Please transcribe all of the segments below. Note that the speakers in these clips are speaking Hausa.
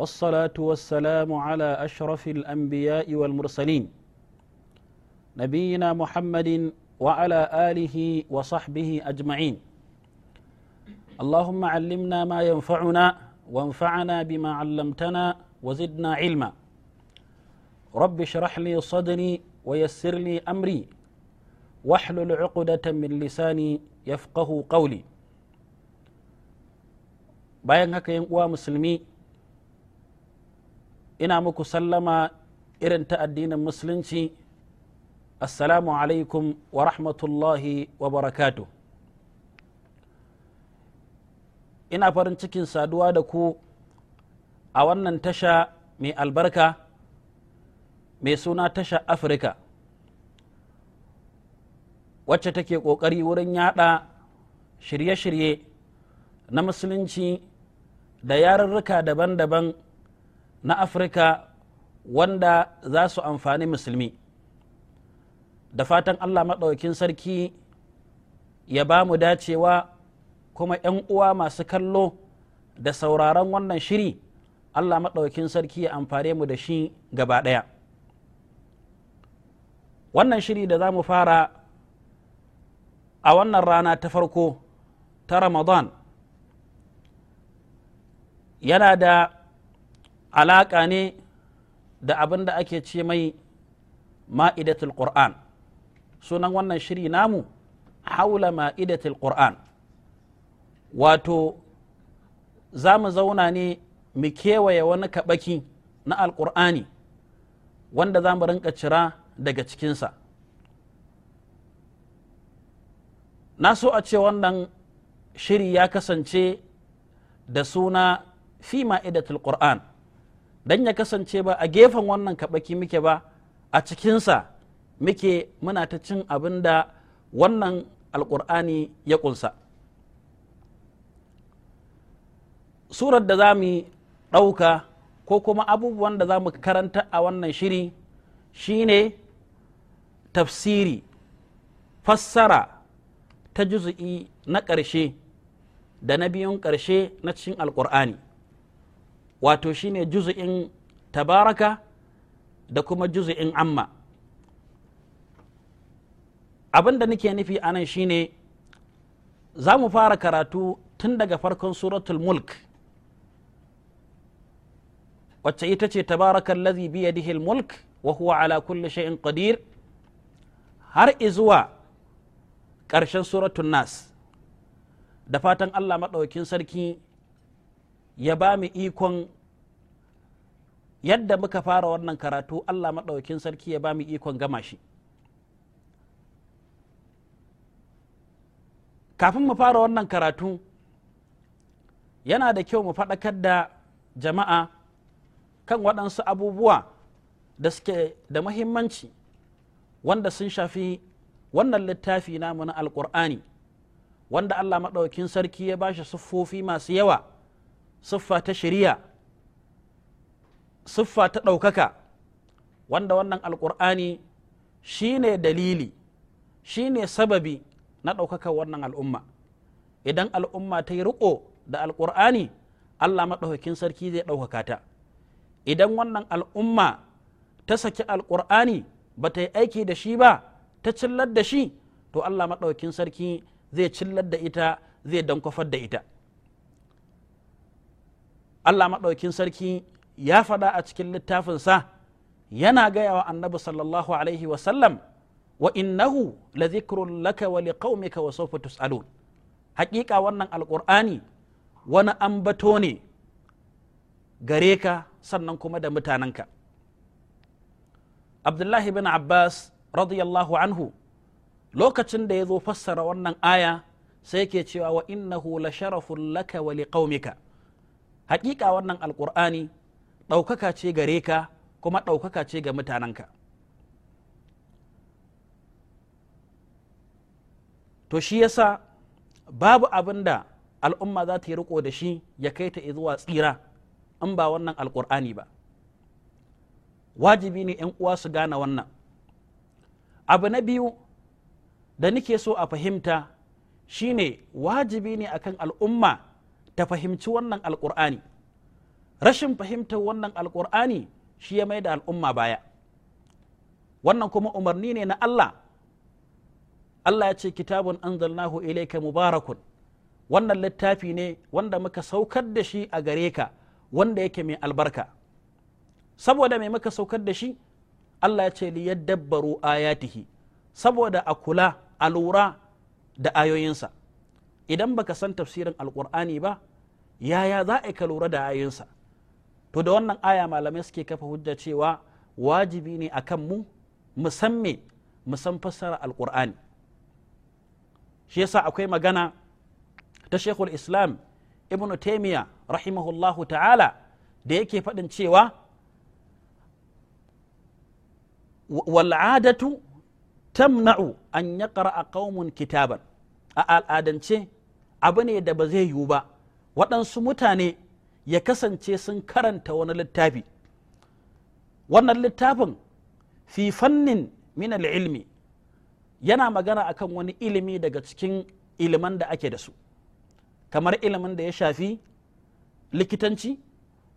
والصلاة والسلام على أشرف الأنبياء والمرسلين نبينا محمد وعلى آله وصحبه أجمعين اللهم علمنا ما ينفعنا وانفعنا بما علمتنا وزدنا علما رب اشرح لي صدري ويسر لي أمري واحلل عقدة من لساني يفقه قولي bayan هكا yan مسلمين ina muku sallama irin ta addinin musulunci assalamu alaikum wa rahmatullahi wa barakatu ina farin cikin saduwa da ku a wannan tasha mai albarka mai suna tasha afirka wacce take ƙoƙari wurin yada shirye-shirye na musulunci da yarurruka daban-daban na afirka wanda za su amfani musulmi da fatan allah maɗaukin sarki ya ba mu dacewa kuma 'yan uwa masu kallo da sauraron wannan shiri allah maɗaukin sarki ya amfane mu da shi gaba ɗaya wannan shiri da za mu fara a wannan rana ta farko ta ramadan yana da alaƙa ne da abin da ake ce mai ma'idatul qur'an sunan wannan shiri namu haula ma'idatul ƙuran wato za mu zauna ne mu kewaye wani kaɓaki na alƙur'ani wanda za mu rinka cira daga cikinsa na so a ce wannan shiri ya kasance da suna fi ma'idatul ƙuran dan ya kasance ba a gefen wannan kaɓaki muke ba a cikinsa muke muna ta cin abin da wannan alƙur'ani ya ƙunsa surar da za mu ɗauka ko kuma abubuwan da za mu karanta a wannan shiri shine tafsiri fassara ta juzu'i na ƙarshe da na biyun ƙarshe na cikin alkur'ani wato shine juz'in tabaraka da kuma juzu'in amma abin da nake nufi a nan shine za mu fara karatu tun daga farkon suratul mulk wacce ita ce tabaraka allazi biyadihi mulk wa huwa ala kulli shay'in qadir har izuwa ƙarshen suratul nas da fatan Allah maɗaukin sarki ya ba mu ikon yadda muka fara wannan karatu Allah maɗaukin sarki ya ba mu ikon gama shi kafin mu fara wannan karatu yana da kyau mu faɗakar da jama'a kan waɗansu abubuwa da suke da mahimmanci wanda sun shafi wannan littafi namu na alƙur'ani wanda allah maɗaukin sarki ya bashi siffofi masu yawa siffa ta shari'a siffa ta ɗaukaka wanda wannan alƙur'ani shi ne dalili shi ne sababi na ɗaukaka wannan al'umma idan al'umma ta yi riƙo da alƙur'ani allah maɗaukakin sarki zai ɗaukaka ta idan wannan al'umma ta saki alƙur'ani ba ta yi aiki da shi ba ta cillar da shi to allah maɗaukakin sarki zai cillar da ita zai dankwafar da ita Allah maɗaukin sarki ya faɗa a cikin littafinsa yana gaya wa annabi sallallahu alaihi wasallam wa innahu la zikrun laka wa liqaumika wa sawfa tus'alun haƙiƙa wannan alƙur'ani wani ambato ne gare ka sannan kuma da mutanenka abdullahi bin abbas radiyallahu anhu lokacin da ya zo fassara wannan aya sai yake cewa wa la sharafun laka wa hakika wannan alkur'ani ɗaukaka ce gare ka kuma ɗaukaka ce ga mutanenka to shi yasa babu abin da al'umma za ta yi riko da shi ya kai ta zuwa tsira in ba wannan alkur'ani ba wajibi ne 'yan uwa su gane wannan abu na biyu da nike so a fahimta shine wajibi ne akan al'umma ta fahimci wannan alkur'ani rashin fahimtar wannan alkur'ani shi ya mai da al'umma baya wannan kuma umarni ne na Allah Allah ya ce kitabun anzalnahu ilayka mubarakun wannan littafi ne wanda muka saukar da shi a gare ka wanda yake mai albarka saboda mai muka saukar da shi Allah ya ce liyaddabbaru ayatihi saboda a kula a lura da ayoyinsa idan baka san tafsirin alkur'ani ba yaya za a ka lura da ayinsa to da wannan aya malamai suke kafa hujja cewa wajibi ne akan mu musamme musan fassara alkur'ani shi yasa akwai magana ta shekul islam ibnu taimiya rahimahullahu ta'ala da yake faɗin cewa wal'adatu tamna'u an yaqra ƙara kitaban a al'adance abu ne da ba zai yiwu ba waɗansu mutane ya kasance sun karanta wani littafi wannan littafin fi fannin min ilmi yana magana akan wani ilimi daga cikin iliman da ake da su kamar ilimin da ya shafi likitanci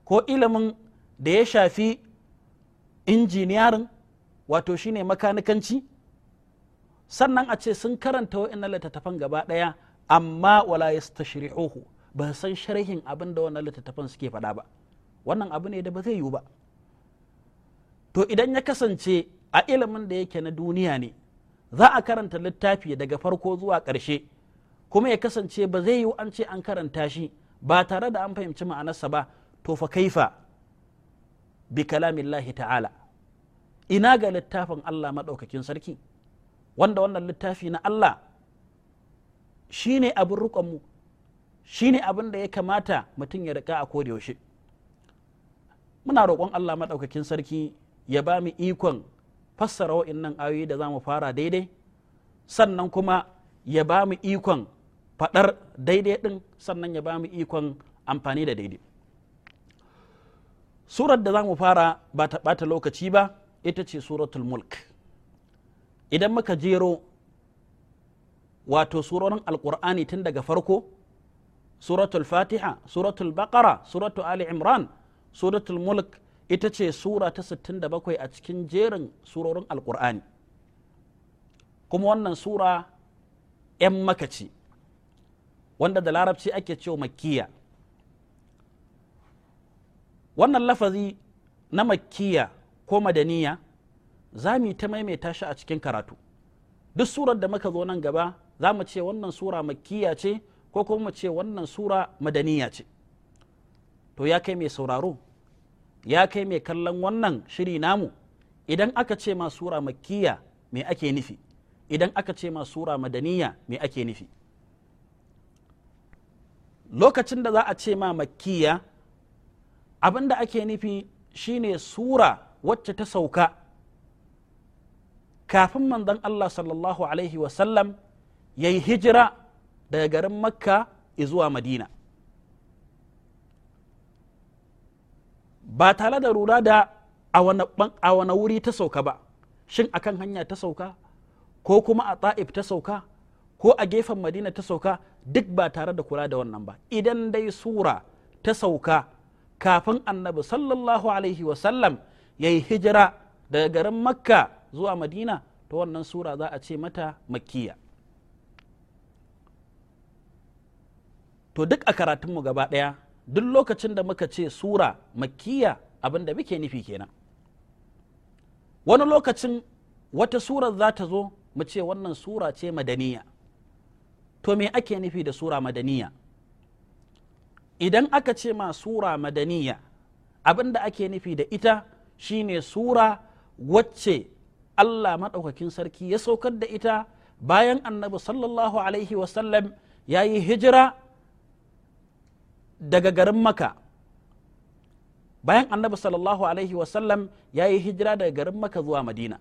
ko ilimin da ya shafi injiniyarin wato shine makanikanci sannan a ce sun karanta wa'annan littattafan gaba ɗaya amma wala yastashri'uhu ba san sharhin abin da wannan littattafan suke faɗa ba wannan abu ne da ba zai yiwu ba to idan ya kasance a ilimin da yake na duniya ne za a karanta littafi daga farko zuwa ƙarshe kuma ya kasance ba zai yiwu an ce an karanta shi ba tare da an fahimci ma'anarsa ba to fa kaifa bi kalamillahi ta'ala ina ga littafin Allah madaukakin sarki wanda wannan littafi na Allah shine ne abin mu Shi ne abin da ya kamata mutum ya rika a yaushe muna roƙon Allah maɗaukakin sarki ya ba mu ikon fassara nan ayoyi da za mu fara daidai sannan kuma ya ba mu ikon faɗar daidai ɗin sannan ya ba mu ikon amfani da daidai surar da za mu fara ba ta ɓata lokaci ba ita ce suratul mulk idan muka jero wato surorin alƙur'ani tun daga farko suratul fatiha suratul bakara suratul ali imran suratul mulk ita ce sura ta 67 a cikin jerin surorin alkur'ani kuma wannan sura 'yan makaci wanda da larabci ake cewa Makiya. wannan lafazi na makkiya ko madaniya za mu ta maimaita shi a cikin karatu duk surar da muka zo nan gaba za mu ce wannan sura makkiya ce ko kuma mu ce wannan sura madaniya ce to ya kai mai sauraro ya kai mai kallon wannan shiri namu idan aka ce ma sura makkiya me ake nufi idan aka ce ma sura madaniya me ake nufi lokacin da za a ce ma makkiya abin da ake nufi shine sura wacce ta sauka kafin manzon Allah sallallahu alaihi wasallam ya yi hijira daga garin makka zuwa madina ba tare da rura da a wani wuri ta sauka ba shin akan hanya ta sauka ko kuma a ta'if ta sauka ko a gefen madina ta sauka duk ba tare da kula da wannan ba idan dai sura ta sauka kafin annabi sallallahu alaihi wasallam ya yi hijira daga garin makka zuwa madina ta wannan sura za a ce mata makkiya to duk a karatunmu gaba ɗaya duk lokacin da muka ce sura makiya abinda muke nufi kenan wani lokacin wata surar za ta zo mu ce wannan sura ce madaniya to me ake nufi da sura madaniya idan aka ce ma sura madaniya abinda ake nufi da ita shine sura wacce Allah maɗaukakin sarki ya saukar da ita bayan annabi sallallahu alaihi wasallam ya yi hijira daga garin maka bayan annabi sallallahu alaihi wasallam ya yi hijira daga garin maka zuwa madina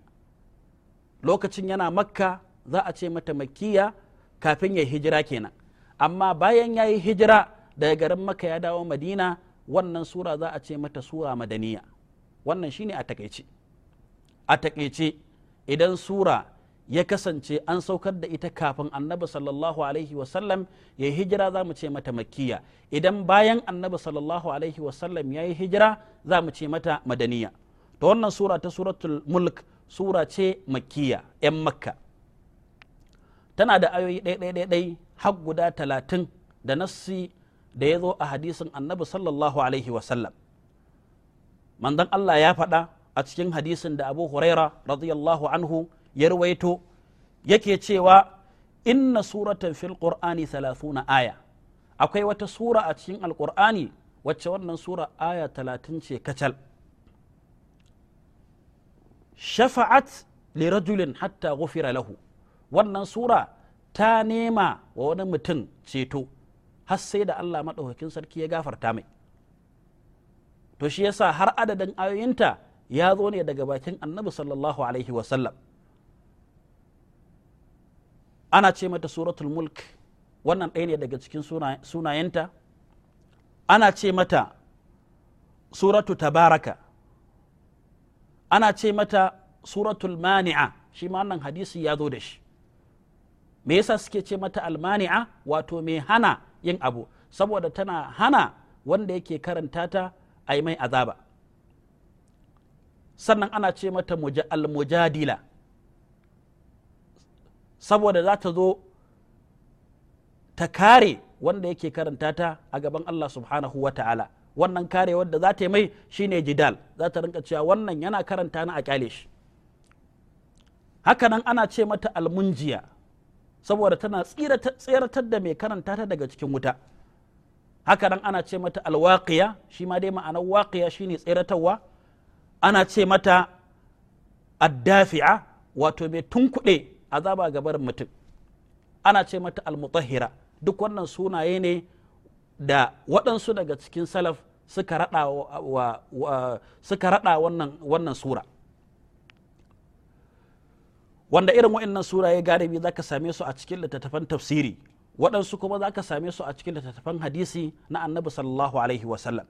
lokacin yana makka za a ce mata Makiya kafin ya hijira kenan amma bayan ya yi hijira daga garin maka ya dawo madina wannan sura za a ce mata sura madaniya wannan shine a takaice a takaice idan sura ya kasance an saukar da ita kafin annabi sallallahu alaihi wasallam ya yi hijira za mu ce mata makkiya idan bayan annabi sallallahu alaihi wasallam ya yi hijira za mu ce mata madaniya ta wannan sura ta suratul mulk sura ce makkiya 'yan makka tana da ayoyi ɗai har guda talatin da nassi da ya zo a hadisin annabi sallallahu alaihi wasallam manzon allah ya faɗa a cikin hadisin da abu huraira radiyallahu anhu ya ruwaito yake cewa inna suratan fil qur'ani 30 aya akwai wata sura a cikin alqur'ani wacce wannan sura aya 30 ce kacal shafa'at li rajulin hatta ghufira lahu wannan sura ta nema wa wani mutum ceto har sai da Allah maɗaukakin sarki ya gafarta mai to shi yasa har adadin ayoyinta ya zo ne daga bakin annabi sallallahu alaihi wasallam ana ce mata suratul mulk wannan ɗaya ne daga cikin sunayenta ana ce mata suratu tabaraka ana ce mata suratul mani'a shi ma wannan hadisi ya zo da shi me yasa suke ce mata almani'a wato mai hana yin abu saboda tana hana wanda yake karanta ta a yi mai azaba sannan ana ce mata almujadila saboda za ta zo ta kare wanda yake karanta ta a gaban Allah subhanahu wa ta'ala wannan kare wanda za ta yi mai shine jidal za ta rinka cewa wannan yana karanta na a kyale shi hakanan ana ce mata almunjiya saboda tana tseratar da mai karanta ta daga cikin wuta hakanan ana ce mata alwaqiya shi ma dai ma'anar waqiya shine tseratarwa ana ce mata addafi'a wato mai tunkuɗe azaba ga barin mutum ana ce mata almutahira duk wannan sunaye ne da waɗansu daga cikin salaf suka raɗa wa, wannan, wannan sura wanda irin waɗannan suraye galibi za ka same su a cikin littattafan tafsiri waɗansu kuma za ka same su a cikin littattafan hadisi na annabi sallallahu alaihi wasallam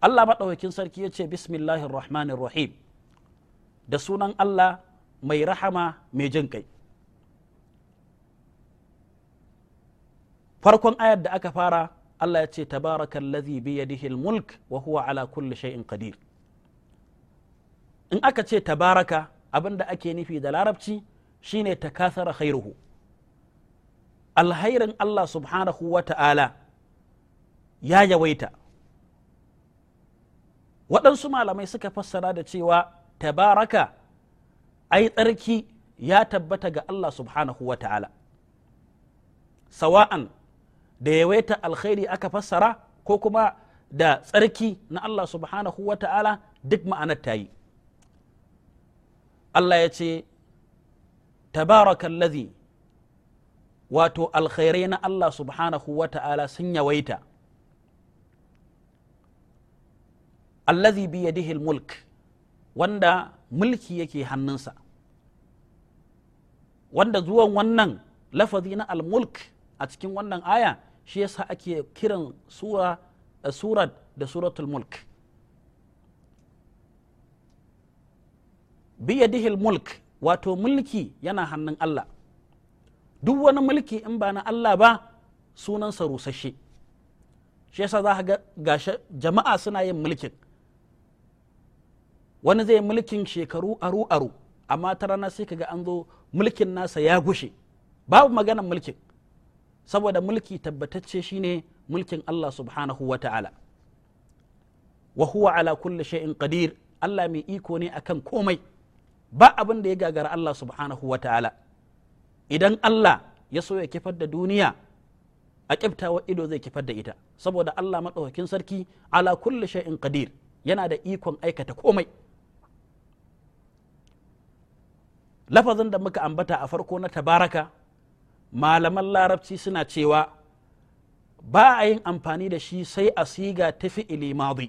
Allah maɗaukakin sarki ya ce bismillahir rahmanir rahim da sunan Allah mai rahama mai jin kai farkon ayar da aka fara Allah ya ce tabarakallazi biyadihi mulk wa huwa ala kulli shay'in qadir in aka ce tabaraka abinda ake nufi da larabci shine ta kasara khairuhu alhairin Allah subhanahu wa ta'ala ya yawaita waɗansu malamai suka fassara da cewa tabaraka ai tsarki ya tabbata ga Allah subhanahu wa ta'ala sawa'an da yawaita alkhairi aka fassara ko kuma da tsarki na Allah subhanahu wa ta'ala duk ma'anar ta yi Allah ya ce tabarakallazi wato alkhairai na Allah subhanahu wa ta'ala sun yawaita allazi biyadihil mulk mulk wanda mulki yake hannunsa wanda zuwan wannan lafazi na almulk a cikin wannan aya shi yasa ake kiran sura eh, surat da suratul mulk biyadihil mulk wato mulki yana hannun Allah duk wani mulki in ba na Allah ba sunansa rusashe shi yasa za ga jama'a suna yin mulkin wani zai mulkin shekaru aru aru amma ta rana sai kaga an zo mulkin nasa ya gushe babu maganan mulkin saboda mulki tabbatacce shine mulkin Allah subhanahu wa ta'ala wa huwa ala kulli shay'in qadir Allah mai iko ne akan komai ba abin da ya gagara Allah subhanahu wa ta'ala idan Allah ya so ya kifar da duniya a kiftawa ido zai kifar da ita saboda Allah maɗaukakin sarki ala kulli shay'in qadir yana da ikon aikata komai lafazin da muka ambata a farko na tabaraka malaman larabci suna cewa ba a yin amfani da shi sai a siga ta fi'ili madi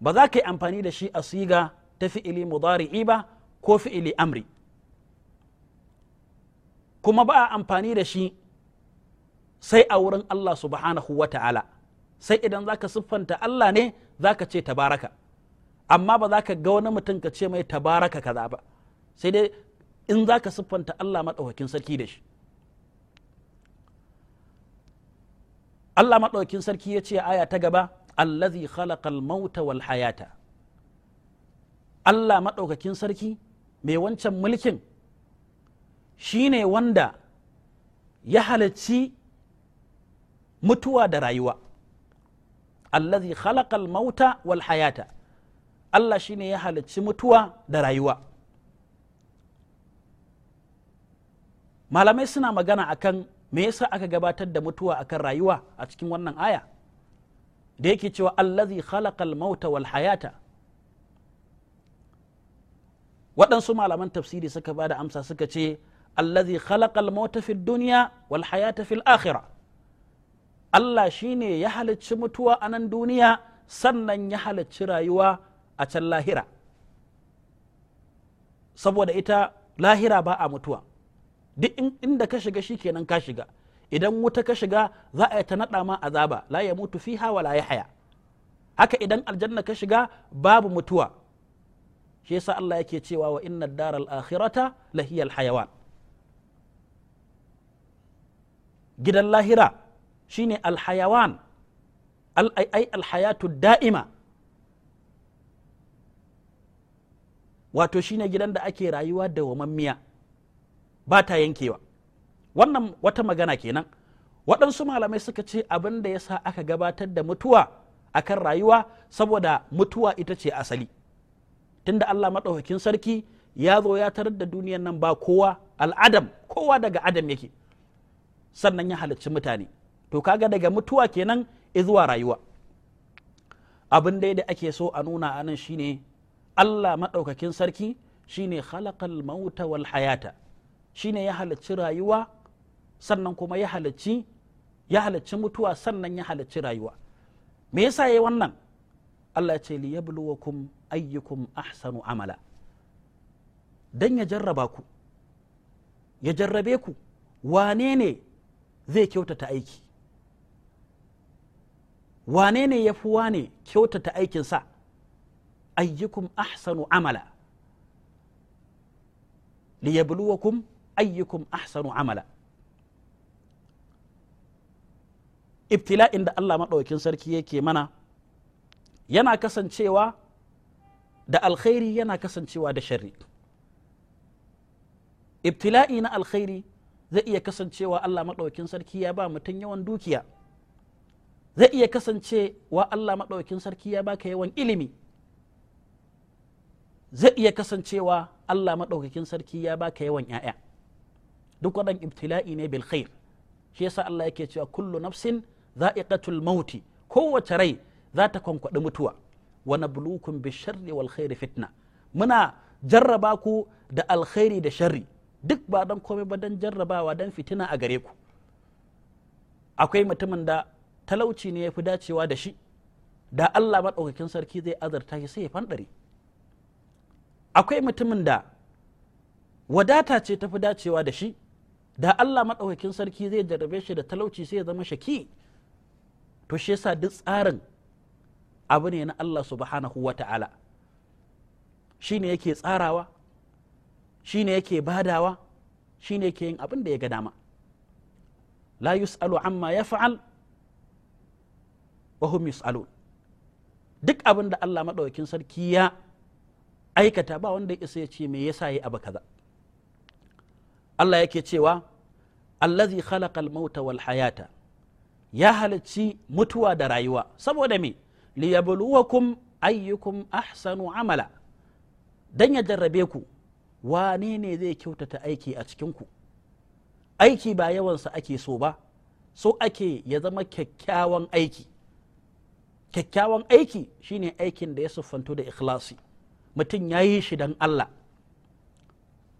ba za ka yi amfani da shi a siga ta fi'ili mudari'i ba ko fi'ili amri kuma ba a amfani da shi sai a wurin Allah subhanahu wa ta'ala sai idan za ka siffanta Allah ne za ka ce tabaraka amma ba za ka ga wani mutum ka ce mai tabaraka kaza ba. sai dai in za ka siffanta Allah maɗaukakin sarki da shi Allah maɗaukakin sarki ya ce aya ta gaba allazi khalaqal mauta wal hayata Allah maɗaukakin sarki mai wancan mulkin shi ne wanda ya halarci mutuwa da rayuwa allazi khalaqal mauta wal hayata Allah shi ne ya halarci mutuwa da rayuwa malamai suna magana akan me yasa aka gabatar da mutuwa akan rayuwa a cikin wannan aya da yake cewa allazi khalaqal mauta wal hayata waɗansu malaman tafsiri suka ba da amsa suka ce allazi khalaqal mauta fil dunya wal hayata fil akhirah Allah shine ya halicci mutuwa a nan duniya sannan ya halicci rayuwa a can lahira saboda ita lahira ba a mutuwa duk inda ka shiga shikenan ka shiga idan wuta ka shiga za a yi ta naɗa ma azaba la ya mutu fiha wa la ya haya haka idan aljanna ka shiga babu mutuwa shi yasa Allah yake cewa wa inna daral akhirata lahiyal hayawan gidan lahira shine alhayawan al'ai alhayatu da'ima wato shine gidan da ake rayuwa da wamammiya ba ta yankewa wannan wata magana kenan waɗansu malamai suka ce abin da ya sa aka gabatar da mutuwa akan rayuwa saboda mutuwa ita ce asali tunda Allah maɗaukakin sarki ya zo ya tarar da duniyan nan ba kowa al'adam kowa daga adam yake sannan ya halicci mutane to kaga daga mutuwa kenan zuwa rayuwa abin dai da ake so a nuna anan shine Allah maɗaukakin sarki shine khalaqal mauta wal hayata shine ya halarci rayuwa sannan kuma ya halarci ya halarci mutuwa sannan ya halarci rayuwa me yasa yayi wannan Allah ce li yabluwakum ayyukum ahsanu amala dan ya jarraba ku ya jarrabe ku wane ne zai kyautata aiki wane ne ya fi wane kyautata aikinsa ayyukum ahsanu amala yabluwakum ayyukum ahsanu amala ibtila'in da Allah maɗaukin sarki yake mana yana kasancewa da alkhairi yana kasancewa da sharri ibtila'i na alkhairi zai iya kasancewa Allah maɗaukin sarki ya ba mutum yawan dukiya zai iya kasancewa Allah maɗaukin sarki ya baka yawan ilimi zai iya kasancewa Allah maɗaukakin sarki ya baka yawan 'ya'ya duk waɗan ibtila'i ne bil khair shi yasa Allah yake cewa kullu nafsin za'iqatul mauti kowace rai za ta kwankwaɗi mutuwa wa nabluukum bisharri wal khairi fitna muna jarraba ku da alkhairi da sharri duk ba dan komai ba dan jarrabawa dan fitina a gare ku akwai mutumin da talauci ne ya fi dacewa da shi da Allah maɗaukakin sarki zai azarta shi sai ya fanɗare akwai mutumin da wadata ce ta fi dacewa da shi da Allah maɗaukakin sarki zai jarrabe shi da talauci sai ya zama shaki to shi yasa duk tsarin abu ne na Allah subhanahu wa ta'ala shi ne yake tsarawa shi ne yake badawa shi ne yake yin abin da ya ga dama la yus'alu amma ya fa'al wa hum yus'alu duk abin da Allah maɗaukakin sarki ya aikata ba wanda isa ya ce me yasa yi abu kaza Allah yake cewa allazi khalaqal mauta wal hayata ya halicci mutuwa da rayuwa saboda me liyabluwakum ayyukum ahsanu amala dan ya jarrabe ku wane ne zai kyautata aiki a cikin ku aiki ba yawan sa ake so ba so ake ya zama kyakkyawan aiki kyakkyawan aiki shine aikin da ya siffanto da ikhlasi mutum ya yi shi dan Allah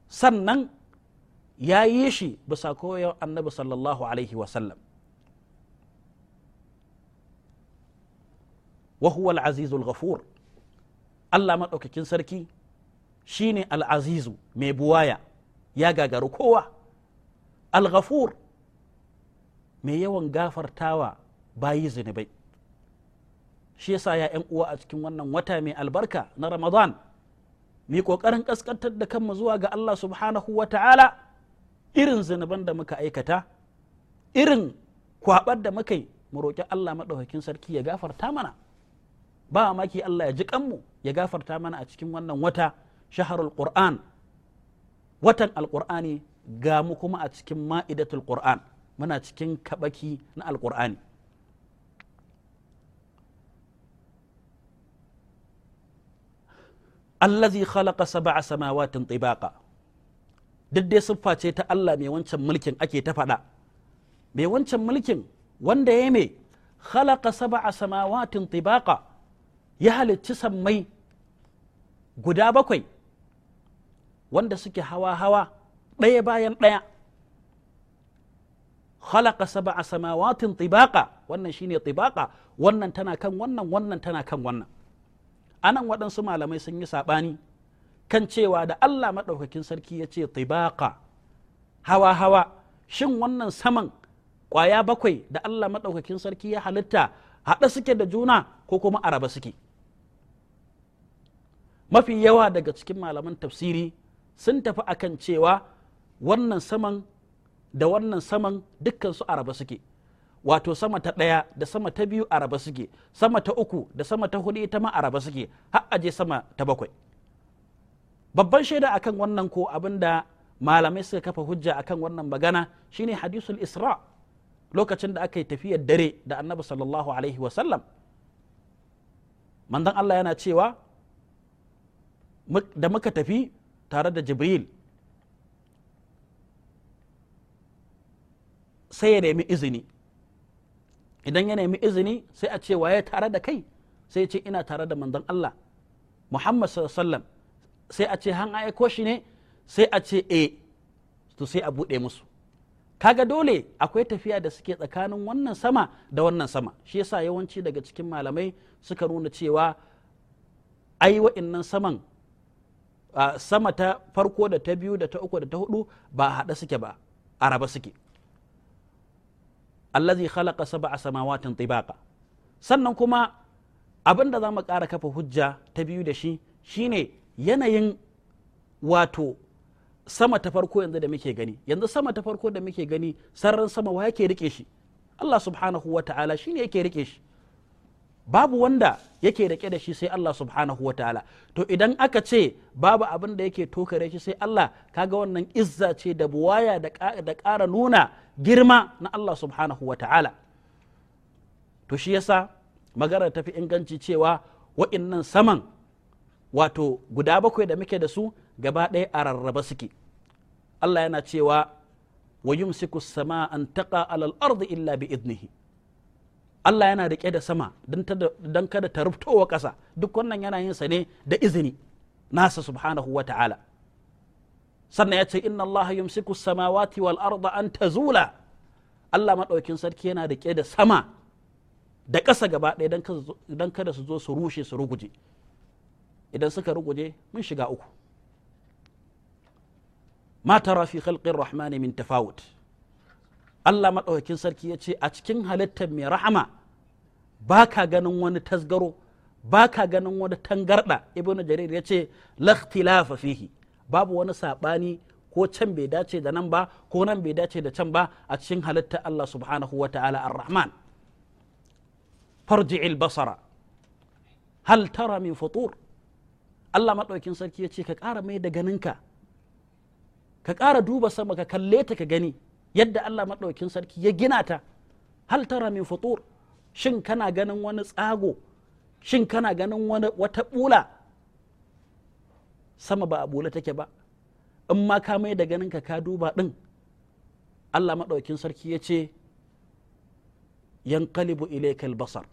sannan ya yi shi bisa koyon annabi sallallahu alaihi wasallam wa huwa al-azizul ghafur Allah maɗaukakin sarki shine al-azizu mai buwaya ya gagaru kowa al-ghafur mai yawan gafartawa bayi zunubai shi yasa ya 'yan uwa a cikin wannan wata mai albarka na ramadan mai ƙoƙarin ƙasƙantar da kanmu zuwa ga Allah subhanahu wa ta'ala irin zunuban da muka aikata irin kwabar da muka yi mu roƙi Allah maɗaukakin sarki ya gafarta mana ba maki Allah ya ji kanmu ya gafarta mana a cikin wannan wata shaharul qur'an watan alqur'ani ga mu kuma a cikin ma'idatul qur'an muna cikin kabaki na alqur'ani allazi khalaqa sab'a samawatin tibaqa duk dai siffa ce ta Allah mai wancan mulkin ake ta faɗa mai wancan mulkin wanda ya mai halaka sab'a a samawatin tibaka ya halicci sammai guda bakwai wanda suke hawa-hawa ɗaya bayan ɗaya halaka sab'a a samawatin tibaka wannan shine tibaka wannan tana kan wannan wannan tana kan wannan anan waɗansu malamai sun yi saɓani kan cewa da Allah maɗaukakin sarki ya ce tibaka hawa hawa shin wannan saman ƙwaya bakwai da Allah maɗaukakin sarki ya halitta haɗa suke da juna ko kuma araba suke mafi yawa daga cikin malaman tafsiri sun tafi akan cewa wannan saman da wannan saman dukkan su araba suke wato sama ta ɗaya da sama ta biyu araba suke sama ta uku da sama ta hudu ita ma araba suke har aje sama ta bakwai babban shaida akan wannan ko abinda malamai suka kafa hujja akan wannan magana shine hadisul isra lokacin da aka yi tafiyar dare da annabi sallallahu alaihi wasallam manzon Allah yana cewa da muka tafi tare da jibril sai ya nemi izini idan ya nemi izini sai a ce waye tare da kai sai ya ce ina tare da manzon Allah Muhammad sallallahu alaihi wasallam sai a ce han aiko shi ne sai a ce e to sai a buɗe musu kaga dole akwai tafiya da suke tsakanin wannan sama da wannan sama shi yasa yawanci daga cikin malamai suka nuna cewa ai wa'innan saman sama ta farko da ta biyu da ta uku da ta hudu ba haɗa suke ba a raba suke allazi khalaqa sab'a samawatin tibaqa sannan kuma abin da za mu ƙara kafa hujja ta biyu da shi shine yanayin wato sama ta farko yanzu da muke gani yanzu sama ta farko da muke gani sararin sama wa yake rike shi Allah subhanahu wa ta'ala shi ne yake rike shi babu wanda yake rike da shi sai Allah subhanahu wa ta'ala to idan aka ce babu abin da yake tokare shi sai Allah kaga wannan izza ce da buwaya da ƙara nuna girma na Allah subhanahu wa ta'ala to shi yasa magana tafi inganci cewa wa'innan saman wato guda bakwai da muke da su gaba ɗaya a rarraba suke Allah yana cewa wa yumsiku sama an taqa alal ardi illa bi idnihi Allah yana riƙe da sama don kada ta rubtowa ƙasa duk wannan yana yin sa ne da izini nasa subhanahu wa ta'ala sannan ya ce inna Allah yumsiku samawati wal arda an tazula Allah maɗaukin sarki yana riƙe da sama da ƙasa gaba ɗaya don kada su zo su rushe su ruguje idan suka ruguje mun shiga uku ma tara fi rahmani min tafawut Allah maɗaukakin sarki ya ce a cikin halittar mai rahama ba ka ganin wani tasgaro ba ka ganin wani tangarɗa ibnu jarir ya ce lakhtilafa fihi babu wani saɓani ko can bai dace da nan ba ko nan bai dace da can ba a cikin halittar Allah subhanahu wa ta'ala ar-rahman farji'il basara hal tara min futur Allah maɗaukin sarki ya ce ka ƙara mai da ganinka ka ƙara duba sama ka kalle ta ka gani yadda Allah maɗaukin sarki ya gina ta hal tara min futur shin kana ganin wani tsago shin kana ganin wani wata bula sama ba a bula take ba in ma ka mai da ganinka ka duba ɗin Allah maɗaukin sarki ya ce yanqalibu ilaikal basar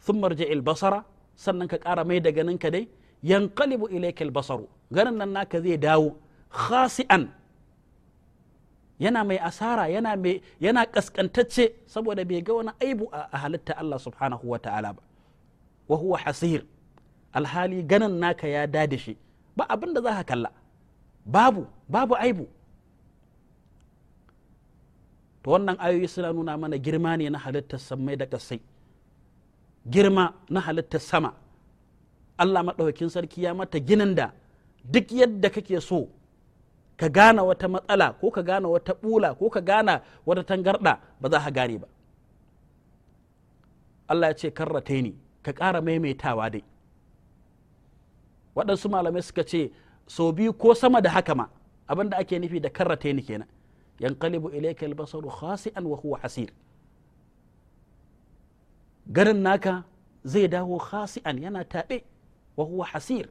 thumma rji'il basara sannan ka ƙara mai da ganinka dai yanqalibu ilaykal basaru ganin nan naka zai dawo khasi'an yana mai asara yana mai yana kaskantacce saboda bai ga wani aibu a halitta Allah subhanahu wa ta'ala ba wa huwa hasir alhali ganin naka ya dade shi ba abin da za ka kalla babu babu aibu to wannan ayoyi suna nuna mana girma ne na halittar sammai da kasai girma na halittar sama Allah maɗaukin sarki ya mata ginin da duk yadda kake so ka gane wata matsala ko ka gane wata ɓula ko ka gane wata tangarɗa ba za ka gane ba Allah ya ce karrata ni ka ƙara maimaitawa dai waɗansu malamai suka ce sau biyu ko sama da haka ma abinda ake nufi da karrata ni kenan yankalibu ilayka albasaru khasi'an wa huwa hasir garin naka zai dawo hasi'an yana taɓe wa huwa hasir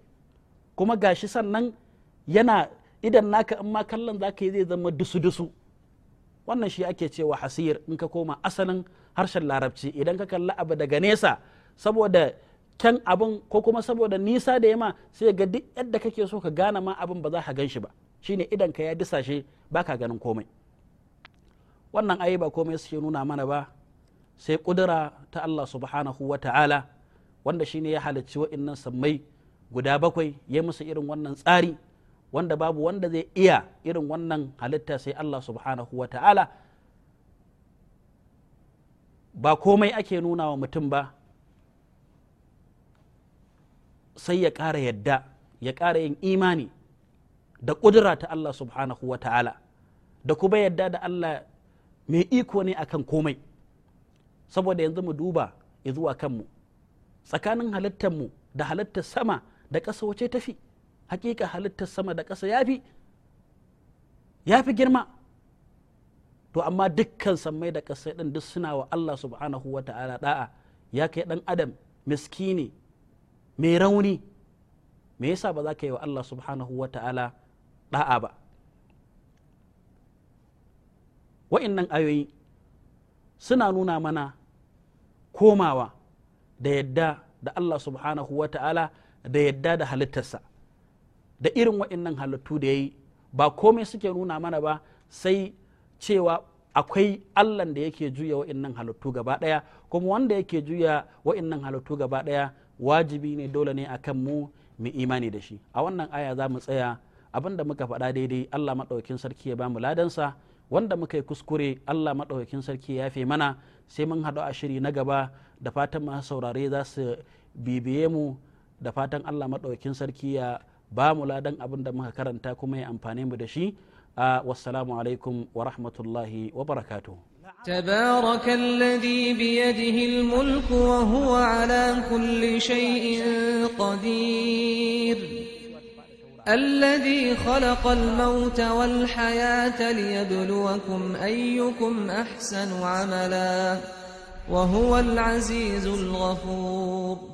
kuma gashi sannan yana idan naka in ma kallon zaka yi zai zama dusu-dusu wannan shi ake cewa hasir in ka koma asalin harshen larabci idan ka kalli abu daga nesa saboda kyan abin ko kuma saboda nisa da yama sai ga duk yadda kake so ka gane ma abin ba za ka gan shi ba shine idan ka ya disashe baka ganin komai wannan ayi ba komai suke nuna mana ba sai kudura ta Allah subhanahu wa ta'ala wanda shine ya halicci wa'innan sammai guda bakwai ya musu irin wannan tsari wanda babu wanda zai iya irin wannan halitta sai Allah subhanahu wa ta'ala ba komai ake nuna wa mutum ba sai ya ƙara yadda ya ƙara yin imani da kudura ta Allah subhanahu wa ta'ala da kuma yadda da Allah mai iko ne akan komai saboda yanzu mu duba ya zuwa kanmu tsakanin halittar mu da halittar sama da ƙasa wace tafi hakika halittar sama da ƙasa yafi fi girma to amma dukkan samai da ƙasa ɗin duk suna wa Allah subhanahu wa ta'ala da'a ya kai ɗan adam miskini mai rauni me yasa ba za ka yi wa Allah subhanahu wa ta'ala da'a ba nan ayoyi suna nuna mana komawa da yadda da Allah subhanahu wa ta'ala da yadda da halittarsa da irin waɗannan halittu da ya yi ba komai suke nuna mana ba sai cewa akwai allah da yake juya waɗannan halittu gaba ɗaya kuma wanda yake juya waɗannan halittu gaba ɗaya wajibi ne dole ne akan mu mu imani da shi a wannan aya za mu tsaya abin da muka faɗa daidai Allah maɗaukin sarki ya ba mu ladansa wanda muka yi kuskure allah maɗaukakin sarki ya fi mana sai mun haɗu a shiri na gaba da fatan masu saurare za su bibiye mu da fatan allah maɗaukakin sarki ya ba mu ladan abin da muka karanta kuma ya amfane mu da shi wassalamu alaikum wa rahmatullahi wa barakatuh تبارك الذي بيده الملك وهو على كل شيء قدير الذي خلق الموت والحياة ليبلوكم أيكم أحسن عملا وهو العزيز الغفور